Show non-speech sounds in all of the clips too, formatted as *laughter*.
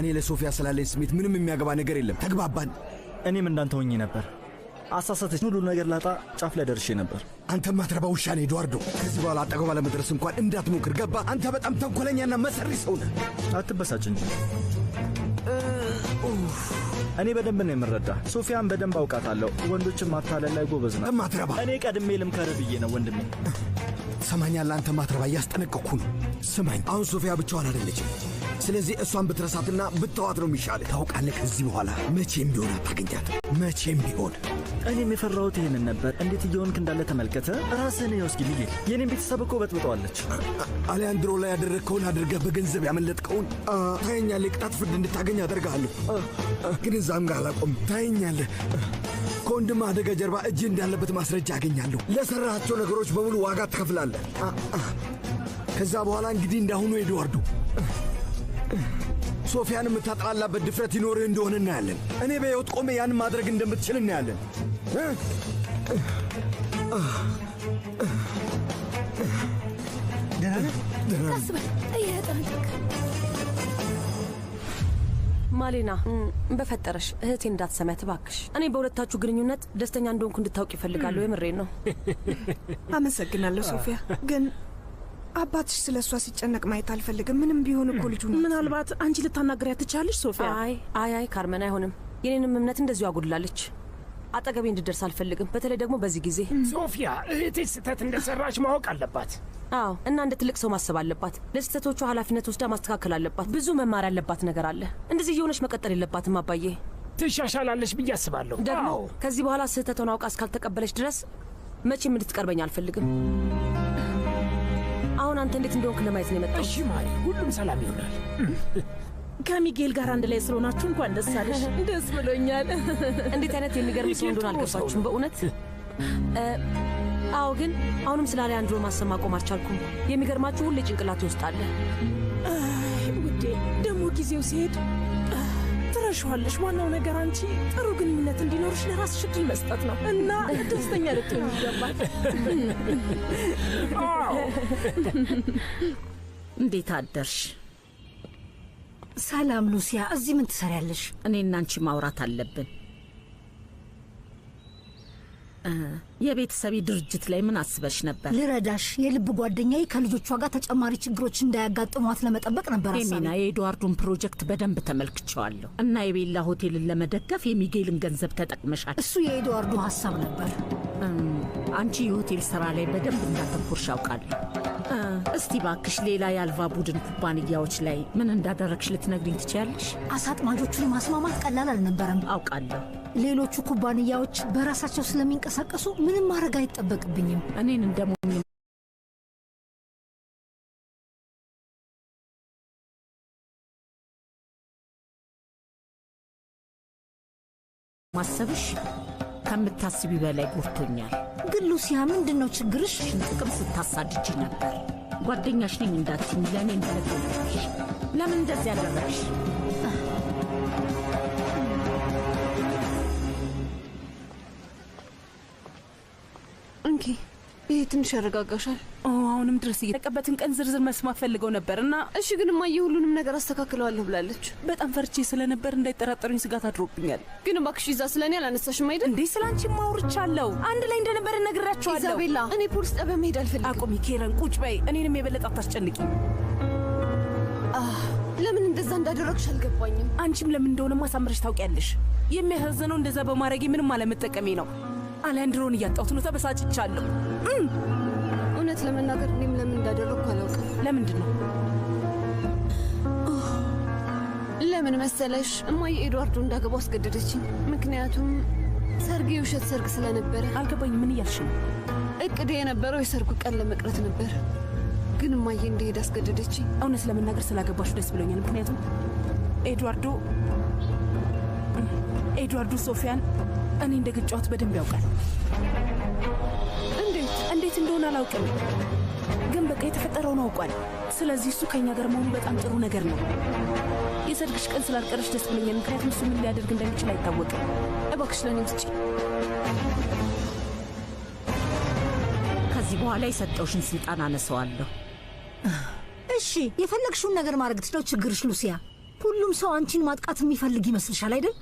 እኔ ለሶፊያ ስላለኝ ስሜት ምንም የሚያገባ ነገር የለም። ተግባባን። እኔም እንዳንተ ሆኜ ነበር። አሳሳተች። ሁሉ ነገር ላጣ ጫፍ ላይ ደርሼ ነበር። አንተ ማትረባ ውሻ ነህ ኤድዋርዶ። ከዚህ በኋላ አጠገቧ ለመድረስ እንኳን እንዳትሞክር። ገባ? አንተ በጣም ተንኮለኛና መሰሪ ሰው ነህ። አትበሳጭ እንጂ እኔ በደንብ ነው የምረዳ። ሶፊያን በደንብ አውቃታለሁ። ወንዶችን ማታለል ላይ ጎበዝ ነው። ማትረባ እኔ ቀድሜ ልምከር ብዬ ነው ወንድሜ። ሰማኛ አንተ ማትረባ፣ እያስጠነቀኩ ነው። ስማኝ፣ አሁን ሶፊያ ብቻዋን አይደለችም። ስለዚህ እሷን ብትረሳትና ብትተዋት ነው የሚሻል። ታውቃለህ፣ ከዚህ በኋላ መቼም ቢሆን አታገኛት። መቼም ቢሆን እኔም የፈራሁት ይህንን ነበር። እንዴት እየሆንክ እንዳለ ተመልከተ። ራስህን የወስጊ ልዬ የኔም ቤተሰብ እኮ በጥብጠዋለች። አሊያንድሮ ላይ ያደረግከውን አድርገህ በገንዘብ ያመለጥከውን ታየኛለህ። ቅጣት ፍርድ እንድታገኝ አደርግሃለሁ። ግን እዛም ጋር አላቆም። ታየኛለህ ከወንድም አደጋ ጀርባ እጅ እንዳለበት ማስረጃ አገኛለሁ። ለሰራሃቸው ነገሮች በሙሉ ዋጋ ትከፍላለህ። ከዛ በኋላ እንግዲህ እንዳሁኑ ኤድዋርዱ ሶፊያን የምታጥላላበት ድፍረት ይኖርህ እንደሆነ እናያለን። እኔ በሕይወት ቆሜ ያን ማድረግ እንደምትችል እናያለን። ማሌና በፈጠረሽ እህቴ እንዳትሰሚያ ትባክሽ። እኔ በሁለታችሁ ግንኙነት ደስተኛ እንደሆንኩ እንድታውቅ ይፈልጋለሁ። የምሬን ነው። አመሰግናለሁ ሶፊያ ግን አባትሽ ስለ እሷ ሲጨነቅ ማየት አልፈልግም። ምንም ቢሆን እኮ ልጁ ምናልባት አንቺ ልታናገር ያትቻለሽ ሶፊያ። አይ አይ አይ ካርመን አይሆንም። የኔንም እምነት እንደዚሁ አጉድላለች። አጠገቤ እንድደርስ አልፈልግም። በተለይ ደግሞ በዚህ ጊዜ ሶፊያ እህቴ ስህተት እንደሰራች ማወቅ አለባት። አዎ እና እንደ ትልቅ ሰው ማሰብ አለባት። ለስህተቶቿ ኃላፊነት ወስዳ ማስተካከል አለባት። ብዙ መማር ያለባት ነገር አለ። እንደዚህ እየሆነች መቀጠል የለባትም አባዬ። ትሻሻላለች ብዬ አስባለሁ። ደግሞ ከዚህ በኋላ ስህተቷን አውቃ እስካልተቀበለች ድረስ መቼም እንድትቀርበኝ አልፈልግም። አሁን አንተ እንዴት እንደሆንክ ለማየት ነው የመጣው። እሺ ማሪ፣ ሁሉም ሰላም ይሆናል። ከሚጌል ጋር አንድ ላይ ስለሆናችሁ እንኳን ደስ አለሽ። *laughs* ደስ ብሎኛል። *laughs* እንዴት አይነት የሚገርም ሰው እንደሆነ አልገባችሁም በእውነት አዎ ግን አሁንም ስለ አሊያንድሮ ማሰብ ማቆም አልቻልኩም። የሚገርማችሁ ሁሌ ጭንቅላት ይወስጣለ። ውዴ ደግሞ ጊዜው ሲሄድ ትረሻዋለሽ። ዋናው ነገር አንቺ ጥሩ ግንኙነት እንዲኖርሽ ለራስሽ እድል መስጠት ነው እና ደስተኛ ልትሆን ይገባል። እንዴት አደርሽ? ሰላም ሉሲያ፣ እዚህ ምን ትሰሪያለሽ? እኔ እና አንቺ ማውራት አለብን። የቤተሰቤ ድርጅት ላይ ምን አስበሽ ነበር? ልረዳሽ። የልብ ጓደኛዬ ከልጆቿ ጋር ተጨማሪ ችግሮች እንዳያጋጥሟት ለመጠበቅ ነበር። ሄሜና የኤድዋርዱን ፕሮጀክት በደንብ ተመልክቸዋለሁ እና የቤላ ሆቴልን ለመደገፍ የሚጌልን ገንዘብ ተጠቅመሻል። እሱ የኤድዋርዱ ሀሳብ ነበር። አንቺ የሆቴል ስራ ላይ በደንብ እንዳተኩርሽ አውቃለሁ። እስቲ ባክሽ ሌላ የአልቫ ቡድን ኩባንያዎች ላይ ምን እንዳደረግሽ ልትነግሪኝ ትችያለሽ? አሳጥማጆቹን ማስማማት ቀላል አልነበረም። አውቃለሁ ሌሎቹ ኩባንያዎች በራሳቸው ስለሚንቀሳቀሱ ምንም ማድረግ አይጠበቅብኝም። እኔን እንደሞ ማሰብሽ ከምታስቢ በላይ ጎድቶኛል። ግን ሉሲያ፣ ምንድን ነው ችግርሽ? ጥቅም ስታሳድጅ ነበር። ጓደኛሽ ነኝ እንዳትኝ ለእኔ እንደለሽ ለምን እንደዚህ ያደረግሽ? ፒንኪ፣ ይሄ ትንሽ ያረጋጋሻል? አሁንም ድረስ እየጠቀበትን ቀን ዝርዝር መስማት ፈልገው ነበር እና እሺ፣ ግን እማዬ ሁሉንም ነገር አስተካክለዋለሁ ብላለች። በጣም ፈርቼ ስለነበር እንዳይጠራጠሩኝ ስጋት አድሮብኛል። ግን እባክሽ ይዛ ስለ እኔ አላነሳሽም አይደል? እንዴ ስለ አንቺ ማውርቻለሁ። አንድ ላይ እንደነበረ ነግራችኋለሁ። ኢዛቤላ፣ እኔ ፖሊስ ጣቢያ መሄድ አልፈልግም። አቁሚ ኬረን፣ ቁጭ በይ። እኔንም የበለጠ አታስጨንቂ። ለምን እንደዛ እንዳደረግሽ አልገባኝም። አንቺም ለምን እንደሆነ ማሳምረሽ ታውቂያለሽ። የሚያሳዝነው እንደዛ በማድረጌ ምንም አለመጠቀሜ ነው። አሊያንድሮን እያጣሁት ነው። ተበሳጭቻለሁ። እውነት ለመናገር እኔም ለምን እንዳደረግኩ አላውቅም። ለምንድን ነው ለምን መሰለሽ እማዬ ኤድዋርዶ እንዳገባው አስገደደችኝ። ምክንያቱም ሰርግ የውሸት ሰርግ ስለነበረ። አልገባኝ። ምን እያልሽ ነው? እቅዴ የነበረው የሰርጉ ቀን ለመቅረት ነበር፣ ግን እማዬ እንደሄድ አስገደደችኝ። እውነት ለመናገር ስላገባሽ ደስ ብሎኛል። ምክንያቱም ኤድዋርዶ ኤድዋርዶ ሶፊያን እኔ እንደ ግጫዋት በደንብ ያውቃል። እንዴት እንዴት እንደሆነ አላውቅም፣ ግን በቃ የተፈጠረውን አውቋል። ስለዚህ እሱ ከእኛ ጋር መሆኑ በጣም ጥሩ ነገር ነው። የሰርግሽ ቀን ስላልቀረሽ ደስ ብሎኛል፣ ምክንያቱም እሱ ምን ሊያደርግ እንደሚችል አይታወቅም። እባክሽ ለእኔ ውስጭ ከዚህ በኋላ የሰጠውሽን ስልጣን አነሰዋለሁ። እሺ የፈለግሽውን ነገር ማድረግ ትችለው፣ ችግርሽ ሉሲያ፣ ሁሉም ሰው አንቺን ማጥቃት የሚፈልግ ይመስልሻል አይደል?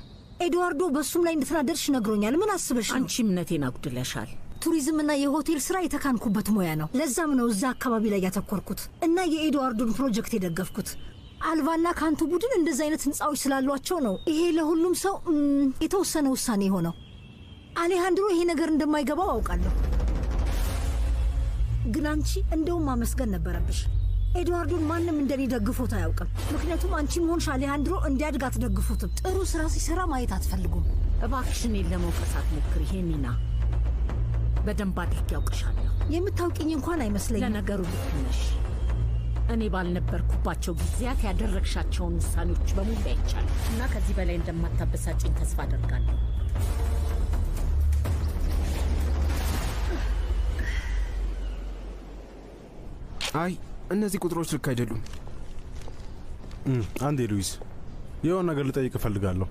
ኤድዋርዶ በእሱም ላይ እንድትናደርሽ ነግሮኛል። ምን አስበሽ? አንቺ እምነቴን አጉድለሻል። ቱሪዝምና የሆቴል ስራ የተካንኩበት ሙያ ነው። ለዛም ነው እዛ አካባቢ ላይ ያተኮርኩት እና የኤድዋርዶን ፕሮጀክት የደገፍኩት። አልቫና ካንቱ ቡድን እንደዚህ አይነት ህንፃዎች ስላሏቸው ነው ይሄ ለሁሉም ሰው የተወሰነ ውሳኔ የሆነው። አሌሃንድሮ ይሄ ነገር እንደማይገባው አውቃለሁ፣ ግን አንቺ እንደውም ማመስገን ነበረብሽ። ኤድዋርዱን ማንም እንደኔ ደግፎት አያውቅም። ምክንያቱም አንቺ ሆንሽ አሌሃንድሮ እንዲያድግ አትደግፉትም። ጥሩ ስራ ሲሰራ ማየት አትፈልጉም። እባክሽኔን ለመውቀስ አትሞክሪ ሄሚና። በደንብ አድርጌ ያውቅሻለሁ። የምታውቂኝ እንኳን አይመስለኝም። ለነገሩ ልክ ነሽ። እኔ ባልነበርኩባቸው ጊዜያት ያደረግሻቸውን ውሳኔዎች በሙሉ አይቻለሁ እና ከዚህ በላይ እንደማታበሳጭኝ ተስፋ አደርጋለሁ። አይ እነዚህ ቁጥሮች ልክ አይደሉም። አንዴ ሉዊስ፣ የሆነ ነገር ልጠይቅ እፈልጋለሁ።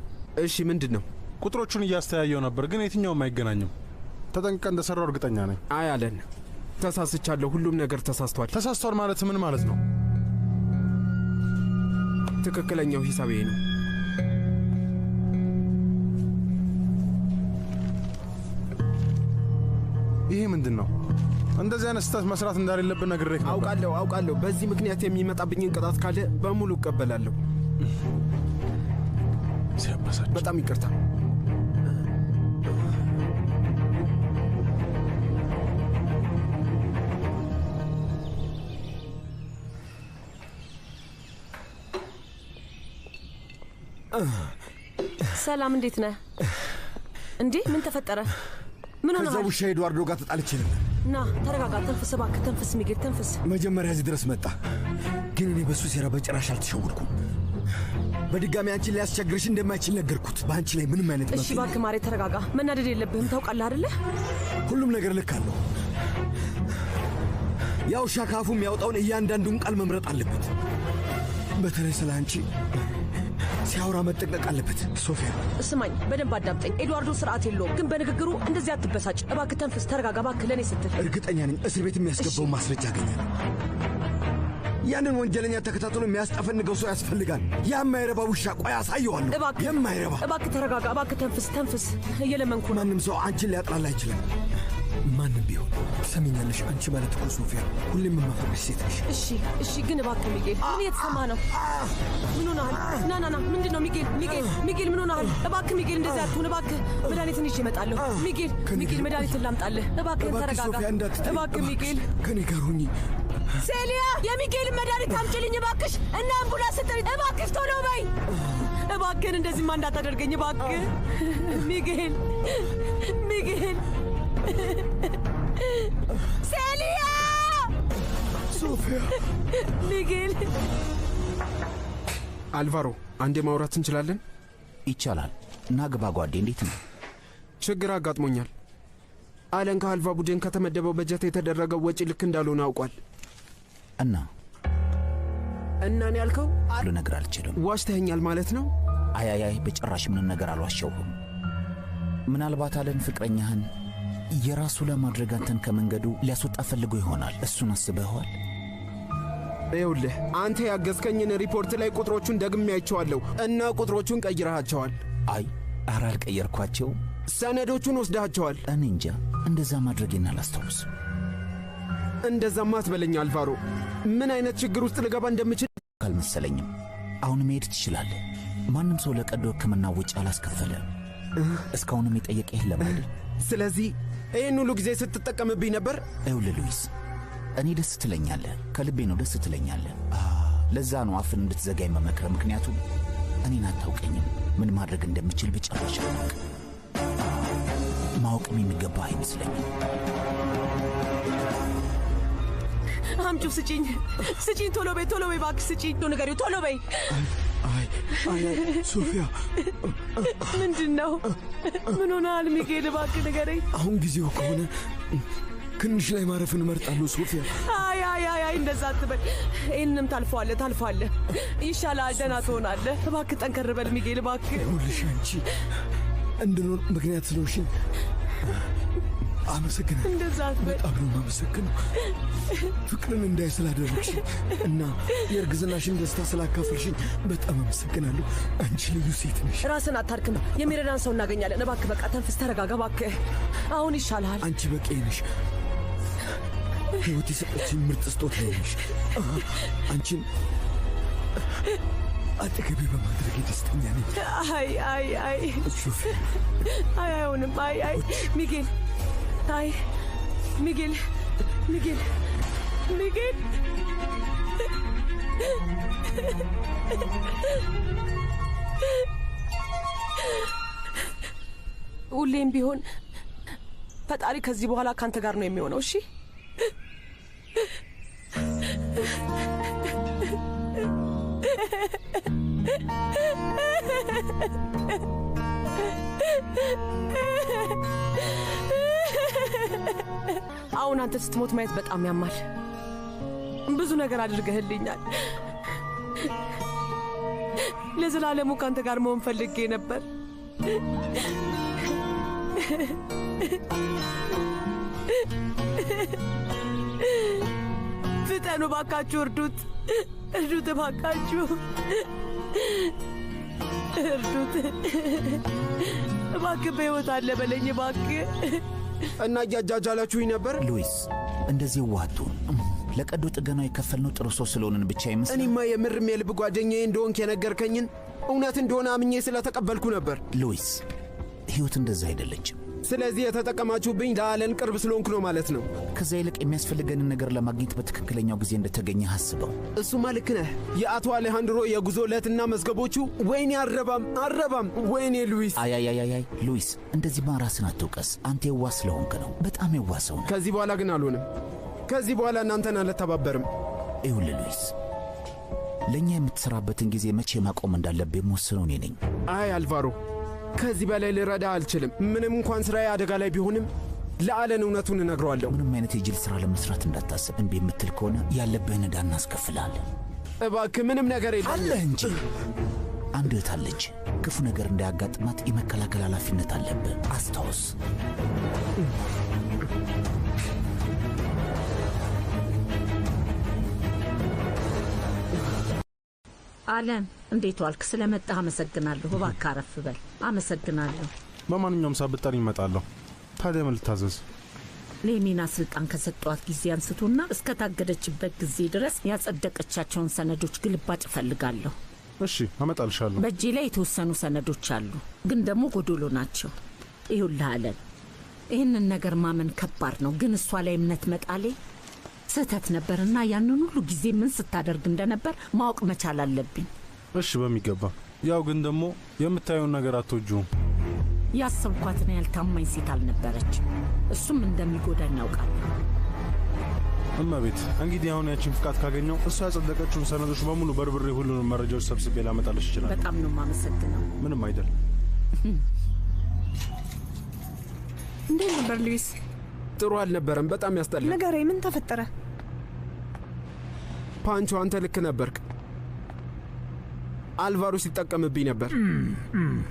እሺ፣ ምንድን ነው? ቁጥሮቹን እያስተያየው ነበር፣ ግን የትኛውም አይገናኝም። ተጠንቀ እንደሰራው እርግጠኛ ነኝ። አይ አለን፣ ተሳስቻለሁ። ሁሉም ነገር ተሳስቷል። ተሳስቷል ማለት ምን ማለት ነው? ትክክለኛው ሂሳብ ይሄ ነው። ይሄ ምንድን ነው? እንደዚህ አይነት ስህተት መስራት እንዳሌለብን ነግሬህ ነበር። አውቃለሁ አውቃለሁ። በዚህ ምክንያት የሚመጣብኝን ቅጣት ካለ በሙሉ እቀበላለሁ። ሲያባሳች በጣም ይቅርታ። ሰላም፣ እንዴት ነህ? እንዴ ምን ተፈጠረ? ምን ሆነ? ከዛ ውሻ ኤድዋርዶ ጋር ተጣልቼ ነበር። ና ተረጋጋ፣ ተንፍስ እባክህ፣ ተንፍስ ሚጌል፣ ተንፍስ። መጀመሪያ እዚህ ድረስ መጣ፣ ግን እኔ በእሱ ሴራ በጭራሽ አልተሸወድኩም። በድጋሚ አንቺን ሊያስቸግርሽ እንደማይችል ነገርኩት። በአንቺ ላይ ምንም አይነት እሺ፣ እባክህ ማሬ ተረጋጋ፣ መናደድ የለብህም። ታውቃለህ አይደለ? ሁሉም ነገር ልክ አለው። ያው ሻካፉ የሚያወጣውን እያንዳንዱን ቃል መምረጥ አለበት። በተለይ ስለ አንቺ ሲያወራ መጠንቀቅ አለበት። ሶፊያ ስማኝ፣ በደንብ አዳምጠኝ። ኤድዋርዶ ስርዓት የለውም፣ ግን በንግግሩ እንደዚህ አትበሳጭ። እባክህ ተንፍስ፣ ተረጋጋ እባክህ ለእኔ ስትል። እርግጠኛ ነኝ እስር ቤት የሚያስገባውን ማስረጃ አገኛል። ያንን ወንጀለኛ ተከታትሎ የሚያስጠፈንገው ሰው ያስፈልጋል። የማይረባ ውሻ ቆይ አሳየዋለሁ። የማይረባ እባክህ ተረጋጋ፣ እባክህ ተንፍስ፣ ተንፍስ እየለመንኩ። ማንም ሰው አንቺን ሊያጥላላ አይችልም። ማንም ቢሆን ሰሚኛለሽ። አንቺ ማለት እኮ ሶፊያ፣ ሁሌም የማፈቅርሽ ሴት ነሽ። እሺ፣ እሺ። ግን እባክህ ሚጌል፣ ምን የተሰማ ነው? ምን ሆነሃል? ና ና ና፣ ምንድን ነው ሚጌል? ሚጌል፣ ሚጌል፣ ምን ሆነሃል? እባክህ ሚጌል፣ እንደዚህ አትሁን እባክህ። መድኃኒትን ይዤ እመጣለሁ። ሚጌል፣ ሚጌል፣ መድኃኒትን ላምጣልህ። እባክህ ተረጋጋ። እባክህ ሚጌል፣ ከኔ ጋር ሁኚ። ሴሊያ፣ የሚጌልን መድኃኒት አምጪልኝ እባክሽ፣ እና አምቡላንስ ስጥሪ እባክሽ፣ ቶሎ በይ እባክህን። እንደዚህማ እንዳታደርገኝ እባክህ ሚጌል፣ ሚጌል ሴሊያ! ሶፊያ! ሚጌል! አልቫሮ አንዴ ማውራት እንችላለን? ይቻላል። እና ግባ ጓዴ፣ እንዴት ነው? ችግር አጋጥሞኛል። አለን ከአልቫ ቡድን ከተመደበው በጀት የተደረገው ወጪ ልክ እንዳልሆነ አውቋል። እና እና እኔ ያልከው ልነግር አልችልም። ዋሽተኸኛል ማለት ነው? አያያይ፣ በጭራሽ ምንም ነገር አልዋሸሁም። ምናልባት አለን ፍቅረኛህን የራሱ ለማድረግ አንተን ከመንገዱ ሊያስወጣ ፈልጎ ይሆናል። እሱን አስበኸዋል? ይኸውልህ አንተ ያገዝከኝን ሪፖርት ላይ ቁጥሮቹን ደግሜ አይቼዋለሁ እና ቁጥሮቹን ቀይረሃቸዋል። አይ ኧረ አልቀየርኳቸው። ሰነዶቹን ወስደሃቸዋል። እኔ እንጃ፣ እንደዛ ማድረጌን አላስታውስም። እንደዛማ አትበለኝ አልቫሮ። ምን አይነት ችግር ውስጥ ልገባ እንደምችል አልመሰለኝም። አሁን መሄድ ትችላለህ። ማንም ሰው ለቀዶ ሕክምና ውጭ አላስከፈለም። እስካሁንም የጠየቀ የለም አይደል? ስለዚህ ይህን ሁሉ ጊዜ ስትጠቀምብኝ ነበር። ይኸውልህ ሉዊስ፣ እኔ ደስ ትለኛለ ከልቤ ነው ደስ ትለኛለ ለዛ ነው አፍን እንድትዘጋ መመክረ ምክንያቱም እኔን አታውቀኝም፣ ምን ማድረግ እንደምችል በጭራሽ አላውቅ፣ ማወቅም የሚገባ አይመስለኝም። አምጩ ስጪኝ፣ ስጪኝ፣ ቶሎ በይ፣ ቶሎ በይ፣ ባክ ስጪኝ፣ ቶ ንገሪው፣ ቶሎ በይ። ሶፊያ፣ ምንድን ነው ምን ሆነሃል ሚካኤል? እባክህ ንገረኝ። አሁን ጊዜው ከሆነ ክንሽ ላይ ማረፍን እመርጣለሁ ሶፊያ። አይ አይ አይ አይ እንደዛ አትበል። ይህንም ታልፏለ ታልፏለ፣ ይሻላል፣ ደህና ትሆናለህ። እባክህ ጠንከር በል ሚካኤል፣ እባክህ። ይኸውልሽ አንቺ እንድኖር ምክንያት ስለሆንሽኝ አመሰግን። እንደዛ በጣም ነው የማመሰግነው ፍቅርን እንዳይ ስላደረግሽ እና የእርግዝናሽን ደስታ ስላካፈልሽኝ በጣም አመሰግናለሁ። አንቺ ልዩ ሴት ነሽ። ራስን አታርክም። የሚረዳን ሰው እናገኛለን። እባክህ በቃ ተንፍስ፣ ተረጋጋ እባክህ። አሁን ይሻልሃል። አንቺ በቂ ነሽ። ህይወት የሰጠችን ምርጥ ስጦታ ነሽ። አንቺን አጠገቤ በማድረግ ደስተኛ ነኝ። አይ አይ አይ አይ አይሆንም። አይ አይ ሚጌል Tai, Miguel, Miguel, Miguel. ሁሌም ቢሆን ፈጣሪ ከዚህ በኋላ ካንተ ጋር ነው የሚሆነው። እሺ አሁን አንተ ስትሞት ማየት በጣም ያማል። ብዙ ነገር አድርገህልኛል። ለዘላለሙ ከአንተ ጋር መሆን ፈልጌ ነበር። ፍጠኑ ባካችሁ፣ እርዱት፣ እርዱት፣ ባካችሁ እርዱት። እባክህ በሕይወት አለ በለኝ እባክህ። እና እያጃጃላችሁኝ ነበር። ሉዊስ እንደዚህ ዋቱ ለቀዶ ጥገናው የከፈልነው ጥሩ ሰው ስለሆንን ብቻ ይመስል። እኔማ የምርም የልብ ጓደኛዬ እንደሆንክ የነገርከኝን እውነት እንደሆነ አምኜ ስለተቀበልኩ ነበር። ሉዊስ ሕይወት እንደዛ አይደለችም። ስለዚህ የተጠቀማችሁብኝ ለአለን ቅርብ ስለሆንኩ ነው ማለት ነው። ከዛ ይልቅ የሚያስፈልገንን ነገር ለማግኘት በትክክለኛው ጊዜ እንደተገኘ አስበው። እሱማ ልክ ነህ። የአቶ አሌሃንድሮ የጉዞ ዕለትና መዝገቦቹ ወይኔ፣ አረባም አረባም፣ ወይኔ ሉዊስ። አያያያያይ ሉዊስ፣ እንደዚህ ማራስን አትውቀስ። አንተ የዋ ስለሆንክ ነው። በጣም የዋ ሰው ነው። ከዚህ በኋላ ግን አልሆንም። ከዚህ በኋላ እናንተን አልተባበርም። ይሁል ሉዊስ ለእኛ የምትሠራበትን ጊዜ መቼ ማቆም እንዳለብ የምወስነው እኔ ነኝ። አይ አልቫሮ ከዚህ በላይ ልረዳ አልችልም። ምንም እንኳን ስራዬ አደጋ ላይ ቢሆንም ለአለን እውነቱን እነግረዋለሁ። ምንም አይነት የጅል ስራ ለመስራት እንዳታስብ። እምቢ የምትል ከሆነ ያለብህን ዕዳ እናስከፍላለን። እባክህ ምንም ነገር የለም አለህ እንጂ። አንድ እህት አለች። ክፉ ነገር እንዳያጋጥማት የመከላከል ኃላፊነት አለብህ። አስታውስ። አለም እንዴት ዋልክ? ስለመጣህ አመሰግናለሁ። እባክህ አረፍ በል። አመሰግናለሁ። በማንኛውም ሰዓት ብጠር ይመጣለሁ። ታዲያ ምን ልታዘዝ? ሌሚና ስልጣን ከሰጧት ጊዜ አንስቶና እስከ ታገደችበት ጊዜ ድረስ ያጸደቀቻቸውን ሰነዶች ግልባጭ እፈልጋለሁ። እሺ አመጣልሻለሁ። በእጄ ላይ የተወሰኑ ሰነዶች አሉ፣ ግን ደግሞ ጎዶሎ ናቸው። ይሁልህ አለን። ይህንን ነገር ማመን ከባድ ነው፣ ግን እሷ ላይ እምነት መጣሌ ስህተት ነበርና ያንን ሁሉ ጊዜ ምን ስታደርግ እንደነበር ማወቅ መቻል አለብኝ። እሺ፣ በሚገባ ያው ግን ደግሞ የምታየውን ነገር አትወጂውም። ያሰብኳትን ያልታማኝ ሴት አልነበረች። እሱም እንደሚጎዳኝ ያውቃል እመቤት፣ እንግዲህ አሁን ያችን ፍቃድ ካገኘው እሷ ያጸደቀችውን ሰነዶች በሙሉ በርብሬ ሁሉንም መረጃዎች ሰብስቤ ላመጣልሽ ይችላል። በጣም ነው የማመሰግነው። ምንም አይደል። እንዴት ነበር ሉዊስ? ጥሩ አልነበረም። በጣም ያስጠላል። ንገረኝ፣ ምን ተፈጠረ? ፓንቾ፣ አንተ ልክ ነበርክ። አልቫሮ ሲጠቀምብኝ ነበር።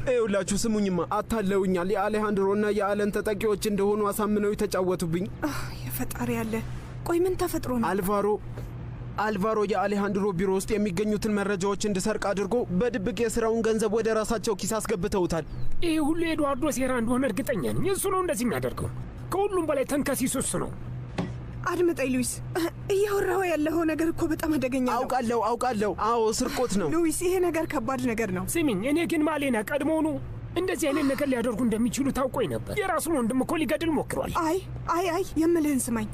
ይኸውላችሁ ስሙኝማ፣ አታለውኛል። የአሌሃንድሮ እና የአለን ተጠቂዎች እንደሆኑ አሳምነው የተጫወቱብኝ። የፈጣሪ ያለ። ቆይ ምን ተፈጥሮ ነው? አልቫሮ አልቫሮ የአሌሃንድሮ ቢሮ ውስጥ የሚገኙትን መረጃዎች እንድሰርቅ አድርጎ በድብቅ የስራውን ገንዘብ ወደ ራሳቸው ኪስ አስገብተውታል። ይህ ሁሉ ኤድዋርዶ ሴራ እንደሆነ እርግጠኛ ነኝ። እሱ ነው እንደዚህ የሚያደርገው። ከሁሉም በላይ ተንከሲሱ እሱ ነው። አድምጠኝ ሉዊስ፣ እያወራው ያለኸው ነገር እኮ በጣም አደገኛ ነው። አውቃለሁ አውቃለሁ። አዎ ስርቆት ነው ሉዊስ፣ ይሄ ነገር ከባድ ነገር ነው። ስሚኝ፣ እኔ ግን ማሌና ቀድሞውኑ እንደዚህ አይነት ነገር ሊያደርጉ እንደሚችሉ ታውቆኝ ነበር። የራሱን ወንድም እኮ ሊገድል ሞክሯል። አይ አይ አይ፣ የምልህን ስማኝ።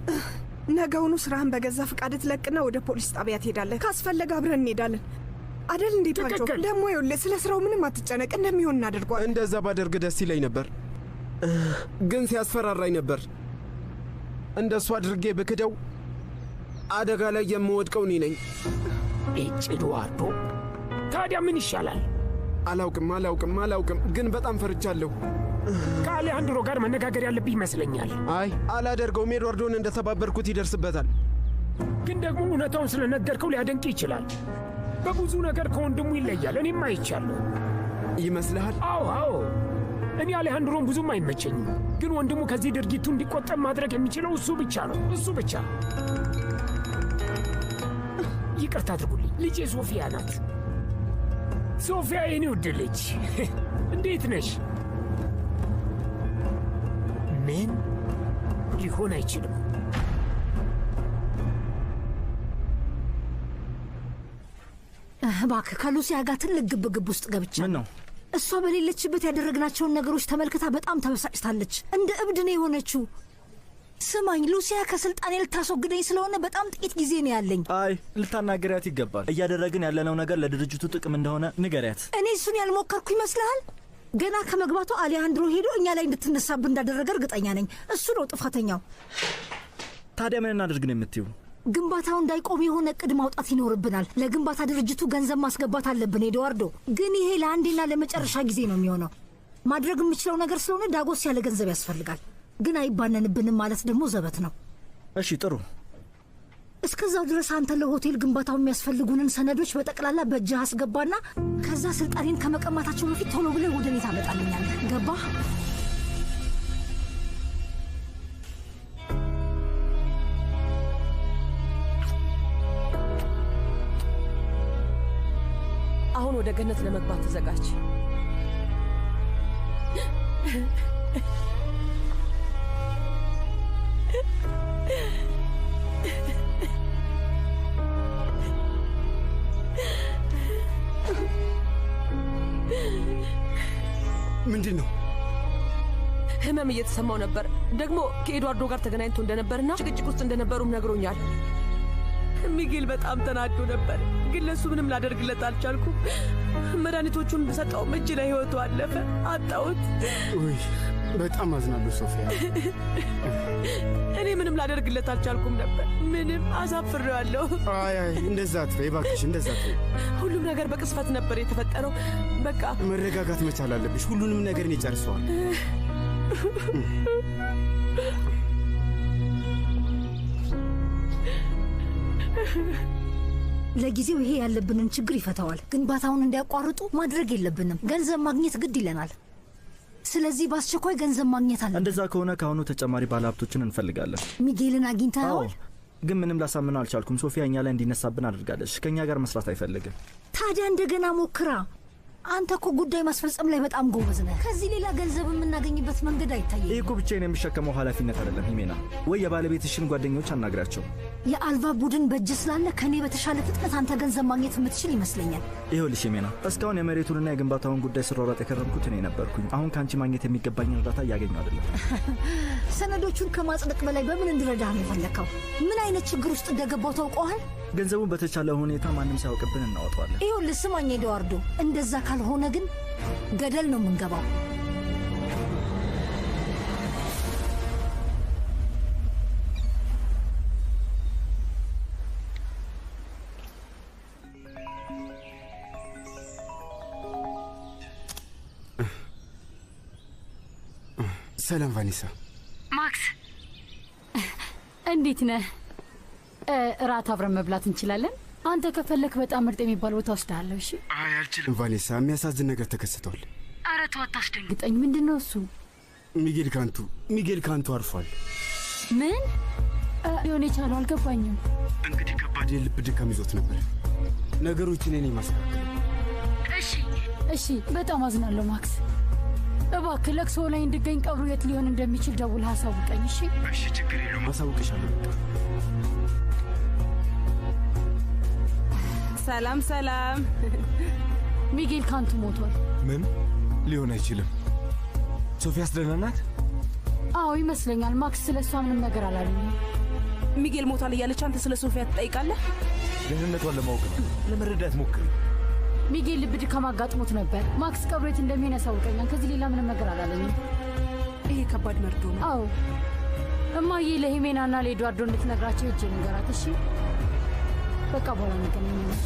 ነገውኑ ስራህን በገዛ ፍቃድ ትለቅና ወደ ፖሊስ ጣቢያ ትሄዳለህ። ካስፈለገ አብረን እንሄዳለን አደል? እንዴት ደግሞ? ይኸውልህ፣ ስለ ስራው ምንም አትጨነቅ፣ እንደሚሆን እናደርጓል። እንደዛ ባደርግ ደስ ይለኝ ነበር ግን ሲያስፈራራኝ ነበር። እንደሱ አድርጌ ብክደው አደጋ ላይ የምወድቀው እኔ ነኝ። ኤድዋርዶ፣ ታዲያ ምን ይሻላል? አላውቅም፣ አላውቅም፣ አላውቅም። ግን በጣም ፈርቻለሁ። ከአሌሃንድሮ ጋር መነጋገር ያለብህ ይመስለኛል። አይ አላደርገውም። ኤድዋርዶን እንደተባበርኩት ይደርስበታል። ግን ደግሞ እውነታውን ስለነገርከው ሊያደንቅ ይችላል። በብዙ ነገር ከወንድሙ ይለያል። እኔም አይቻለሁ። ይመስልሃል? አዎ፣ አዎ እኔ አሌሃንድሮን ብዙም አይመቸኝም፣ ግን ወንድሙ ከዚህ ድርጊቱ እንዲቆጠብ ማድረግ የሚችለው እሱ ብቻ ነው። እሱ ብቻ። ይቅርታ አድርጉልኝ። ልጄ ሶፊያ ናት። ሶፊያ የኔ ውድ ልጅ እንዴት ነሽ? ምን ሊሆን አይችልም። እባክህ ከሉሲያ ጋር ትልቅ ግብግብ ውስጥ ገብቻ። ምን ነው እሷ በሌለችበት ያደረግናቸውን ነገሮች ተመልክታ በጣም ተበሳጭታለች። እንደ እብድ ነው የሆነችው። ስማኝ ሉሲያ ከስልጣኔ ልታስወግደኝ ስለሆነ በጣም ጥቂት ጊዜ ነው ያለኝ። አይ ልታናገሪያት ይገባል። እያደረግን ያለነው ነገር ለድርጅቱ ጥቅም እንደሆነ ንገሪያት። እኔ እሱን ያልሞከርኩ ይመስልሃል? ገና ከመግባቱ አሊያንድሮ ሄዶ እኛ ላይ እንድትነሳብ እንዳደረገ እርግጠኛ ነኝ። እሱ ነው ጥፋተኛው። ታዲያ ምን እናደርግ ነው የምትይው? ግንባታው እንዳይቆም የሆነ እቅድ ማውጣት ይኖርብናል። ለግንባታ ድርጅቱ ገንዘብ ማስገባት አለብን። ኤድዋርዶ ግን ይሄ ለአንዴና ለመጨረሻ ጊዜ ነው የሚሆነው። ማድረግ የምችለው ነገር ስለሆነ ዳጎስ ያለ ገንዘብ ያስፈልጋል። ግን አይባነንብንም ማለት ደግሞ ዘበት ነው። እሺ ጥሩ። እስከዛው ድረስ አንተ ለሆቴል ግንባታው የሚያስፈልጉንን ሰነዶች በጠቅላላ በእጅህ አስገባና ከዛ ስልጣኔን ከመቀማታቸው በፊት ቶሎ ብለህ ወደ እኔ ታመጣልኛለህ። ገባህ? ወደ ገነት ለመግባት ተዘጋጅ። ምንድን ነው? ህመም እየተሰማው ነበር። ደግሞ ከኤድዋርዶ ጋር ተገናኝቶ እንደነበርና ጭቅጭቅ ውስጥ እንደነበሩም ነግሮኛል። ሚጌል በጣም ተናዶ ነበር፣ ግን ለእሱ ምንም ላደርግለት አልቻልኩም። መድኃኒቶቹን ብሰጠው እጅ ላይ ህይወቱ አለፈ፣ አጣሁት። ውይ በጣም አዝናለሁ ሶፊያ። እኔ ምንም ላደርግለት አልቻልኩም ነበር፣ ምንም አሳፍሬዋለሁ። አይ አይ፣ እንደዛ አትበይ እባክሽ፣ እንደዛ አትበይ። ሁሉም ነገር በቅስፈት ነበር የተፈጠረው። በቃ መረጋጋት መቻል አለብሽ። ሁሉንም ነገር እኔ ጨርሰዋል። ለጊዜው ይሄ ያለብንን ችግር ይፈታዋል። ግንባታውን እንዲያቋርጡ ማድረግ የለብንም። ገንዘብ ማግኘት ግድ ይለናል። ስለዚህ በአስቸኳይ ገንዘብ ማግኘት አለ። እንደዛ ከሆነ ከአሁኑ ተጨማሪ ባለሀብቶችን እንፈልጋለን። ሚጌልን አግኝተኸዋል? ግን ምንም ላሳምነው አልቻልኩም። ሶፊያ እኛ ላይ እንዲነሳብን አድርጋለች። ከእኛ ጋር መስራት አይፈልግም። ታዲያ እንደገና ሞክራ አንተ እኮ ጉዳይ ማስፈጸም ላይ በጣም ጎበዝ ነህ። ከዚህ ሌላ ገንዘብ የምናገኝበት መንገድ አይታየ። ይህ እኮ ብቻዬን የሚሸከመው ኃላፊነት አይደለም ሂሜና። ወይ የባለቤትሽን ጓደኞች አናግራቸው። የአልቫ ቡድን በእጅ ስላለ ከእኔ በተሻለ ፍጥነት አንተ ገንዘብ ማግኘት የምትችል ይመስለኛል። ይኸውልሽ ሂሜና፣ እስካሁን የመሬቱንና የግንባታውን ጉዳይ ስሯሯጥ የከረምኩት እኔ ነበርኩኝ። አሁን ከአንቺ ማግኘት የሚገባኝን እርዳታ እያገኘሁ አይደለም። *laughs* ሰነዶቹን ከማጽደቅ በላይ በምን እንድረዳህ ነው የፈለግከው? ምን አይነት ችግር ውስጥ እንደገባው ታውቀዋል? ገንዘቡን በተቻለ ሁኔታ ማንም ሳያውቅብን እናወጣዋለን። ይኸውልህ ልስማኝ፣ ኤድዋርዶ፣ እንደዛ ካልሆነ ግን ገደል ነው የምንገባው። ሰላም ቫኒሳ። ማክስ እንዴት ነህ? እራት አብረን መብላት እንችላለን። አንተ ከፈለክ በጣም ምርጥ የሚባል ቦታ ወስዳለሁ። እሺ። አይ አልችልም ቫኔሳ፣ የሚያሳዝን ነገር ተከስቷል። ኧረ ተው አታስደንግጠኝ። ምንድን ነው እሱ? ሚጌል ካንቱ ሚጌል ካንቱ አርፏል። ምን ሊሆን የቻለው አልገባኝም። እንግዲህ ከባድ የልብ ድካም ይዞት ነበር። ነገሮችን እኔ ማስተካከል። እሺ እሺ፣ በጣም አዝናለሁ ማክስ። እባክህ ለቅሶ ላይ እንድገኝ ቀብሩ የት ሊሆን እንደሚችል ደውል አሳውቀኝ። እሺ እሺ፣ ችግር የለውም አሳውቅሻለሁ። ሰላም ሰላም። ሚጌል ካንቱ ሞቷል። ምን ሊሆን አይችልም። ሶፊያስ ደህና ናት? አዎ ይመስለኛል። ማክስ ስለ እሷ ምንም ነገር አላለም። ሚጌል ሞቷል እያለች አንተ ስለ ሶፊያ ትጠይቃለህ? ደህንነቷን ለማወቅ ነው፣ ለመረዳት ሞክር። ሚጌል ልብ ድካም አጋጥሞት ነበር። ማክስ ቀብሬት እንደሚሄን ያሳውቀኛል። ከዚህ ሌላ ምንም ነገር አላለኝም። ይሄ ከባድ መርዶ ነው። አዎ እማዬ ለሂሜናና ለኤድዋርዶ እንድትነግራቸው ሂጅ ንገራት እሺ። በቃ በኋላ እንገናኛለን።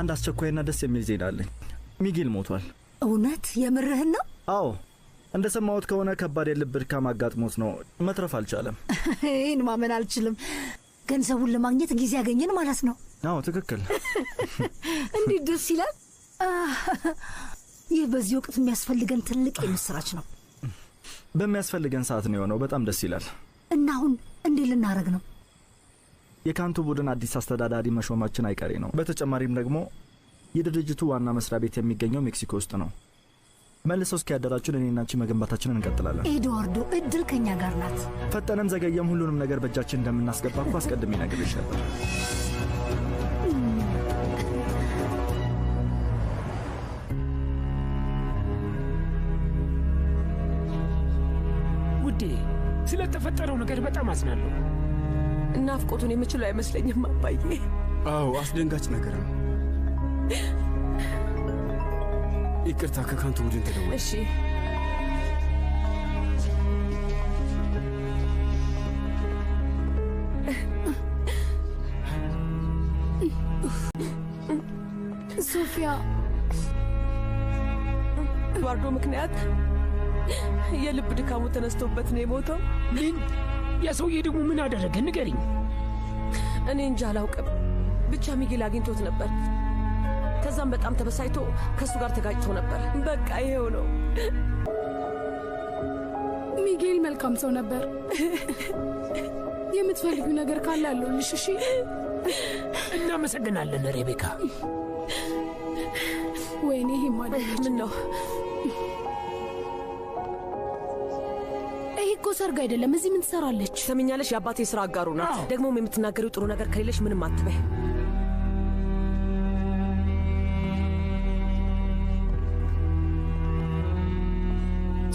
አንድ አስቸኳይና ደስ የሚል ዜና አለኝ። ሚጌል ሞቷል። እውነት? የምርህን ነው? አዎ፣ ሰማሁት ከሆነ ከባድ የልብ ድካም አጋጥሞት ነው። መትረፍ አልቻለም። *laughs* ይህን ማመን አልችልም። ገንዘቡን ለማግኘት ጊዜ ያገኘን ማለት ነው። አዎ ትክክል። እንዴት ደስ ይላል! ይህ በዚህ ወቅት የሚያስፈልገን ትልቅ የምስራች ነው። በሚያስፈልገን ሰዓት ነው የሆነው። በጣም ደስ ይላል። እና አሁን እንዴት ልናደርግ ነው? የካንቱ ቡድን አዲስ አስተዳዳሪ መሾማችን አይቀሬ ነው። በተጨማሪም ደግሞ የድርጅቱ ዋና መስሪያ ቤት የሚገኘው ሜክሲኮ ውስጥ ነው። መልሰው እስኪያደራችን እኔና አንቺ መገንባታችንን እንቀጥላለን። ኤድዋርዶ፣ እድል ከኛ ጋር ናት። ፈጠነም ዘገየም ሁሉንም ነገር በእጃችን እንደምናስገባ እኮ አስቀድሜ ነግሬሽ ነበር። በተፈጠረው ነገር በጣም አዝናለሁ። እናፍቆቱን የምችለው አይመስለኝም አባዬ። አዎ አስደንጋጭ ነገር ነው። ይቅርታ ከካንቱ ቡድን ተደወለ። እሺ ሶፊያ ባርዶ ምክንያት የልብ ድካሙ ተነስቶበት ነው የሞተው። ምን? ያ ሰውዬ ደግሞ ምን አደረገ? ንገሪኝ። እኔ እንጃ አላውቅም። ብቻ ሚጌል አግኝቶት ነበር። ከዛም በጣም ተበሳይቶ ከእሱ ጋር ተጋጭቶ ነበር። በቃ ይሄው ነው። ሚጌል መልካም ሰው ነበር። የምትፈልጊው ነገር ካለ አለሁልሽ። እሺ። እናመሰግናለን ሬቤካ። ወይኔ ይሄ ማለት ምን ነው? ሰርግ አይደለም። እዚህ ምን ትሰራለች? ሰሚኛለሽ? የአባቴ የስራ አጋሩ ናት። ደግሞም የምትናገሪው ጥሩ ነገር ከሌለሽ ምንም አትበይ።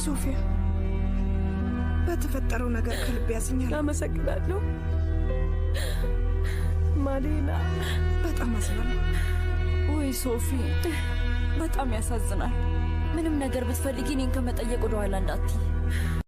ሶፊያ፣ በተፈጠረው ነገር ከልብ ያዝኛል። አመሰግናለሁ ማሌና። በጣም አዝናለሁ። ወይ ሶፊ፣ በጣም ያሳዝናል። ምንም ነገር ብትፈልጊ እኔን ከመጠየቅ ወደኋላ እንዳትይ።